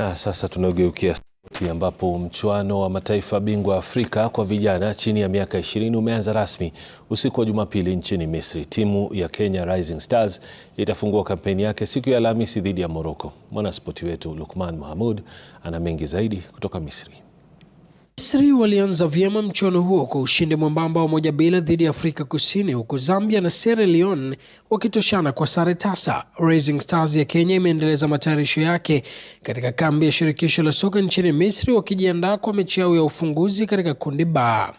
Na sasa tunageukia spoti ambapo mchuano wa mataifa bingwa Afrika kwa vijana chini ya miaka 20 umeanza rasmi usiku wa Jumapili nchini Misri. Timu ya Kenya Rising Stars itafungua kampeni yake siku ya Alhamisi dhidi ya Morocco. Mwanaspoti wetu Lukman Mahamud ana mengi zaidi kutoka Misri. Misri walianza vyema mchuano huo kwa ushindi mwembamba wa moja bila dhidi ya Afrika Kusini, huku Zambia na Sierra Leone wakitoshana kwa sare tasa. Rising Stars ya Kenya imeendeleza matayarisho yake katika kambi ya shirikisho la soka nchini Misri, wakijiandaa kwa mechi yao ya ufunguzi katika kundi Ba.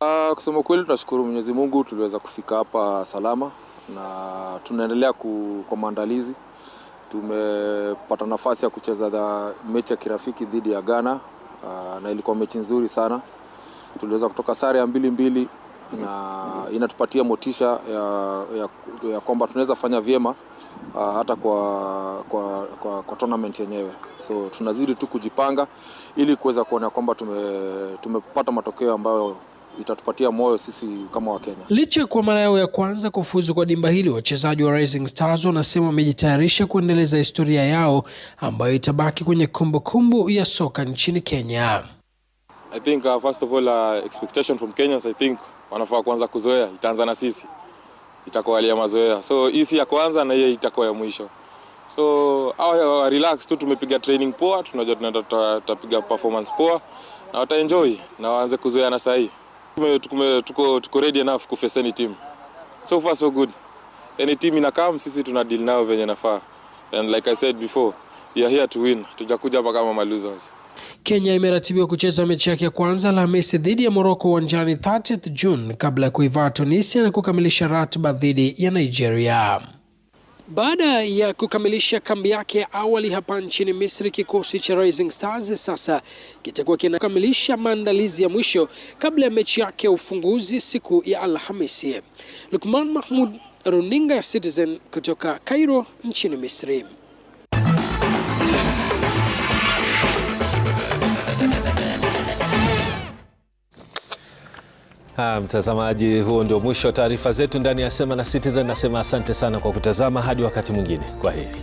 Uh, kusema kweli tunashukuru Mwenyezi Mungu tuliweza kufika hapa salama na tunaendelea kwa maandalizi. Tumepata nafasi ya kucheza mechi ya kirafiki dhidi ya Ghana Ah, na ilikuwa mechi nzuri sana, tuliweza kutoka sare ya mbili mbili na inatupatia motisha ya, ya, ya kwamba tunaweza fanya vyema uh, hata kwa, kwa, kwa, kwa tournament yenyewe. So tunazidi tu kujipanga ili kuweza kuona kwamba tume, tumepata matokeo ambayo itatupatia moyo sisi kama Wakenya. Licha kwa mara yao ya kwanza kufuzu kwa dimba hili, wachezaji wa Rising Stars wanasema wamejitayarisha kuendeleza historia yao ambayo itabaki kwenye kumbukumbu kumbu ya soka nchini Kenya. I think uh, first of all uh, expectation from Kenyans I think wanafaa kuanza kuzoea, itaanza na sisi, itakuwa hali ya mazoea, so hii si ya kwanza na hiyo itakuwa ya mwisho. So au uh, uh, relax tu, tumepiga training poa, tunajua tunaenda tutapiga performance poa na wataenjoy na waanze kuzoea na sahihi. Tuko, tuko ready enough ku face any team. So far so good. Any team ina come, sisi tuna deal nao venye nafaa. And like I said before, we are here to win. Tujakuja hapa kama losers. Kenya imeratibiwa kucheza mechi yake ya kwanza Alhamisi dhidi ya Morocco uwanjani 30th June kabla ya kuivaa Tunisia na kukamilisha ratiba dhidi ya Nigeria. Baada ya kukamilisha kambi yake ya awali hapa nchini Misri, kikosi cha Rising Stars sasa kitakuwa kinakamilisha maandalizi ya mwisho kabla ya mechi yake ya ufunguzi siku ya Alhamisi. Lukman Mahmud, runinga ya Citizen kutoka Cairo nchini Misri. Mtazamaji, huo ndio mwisho wa taarifa zetu ndani ya Sema na Citizen. Nasema asante sana kwa kutazama, hadi wakati mwingine, kwa heri.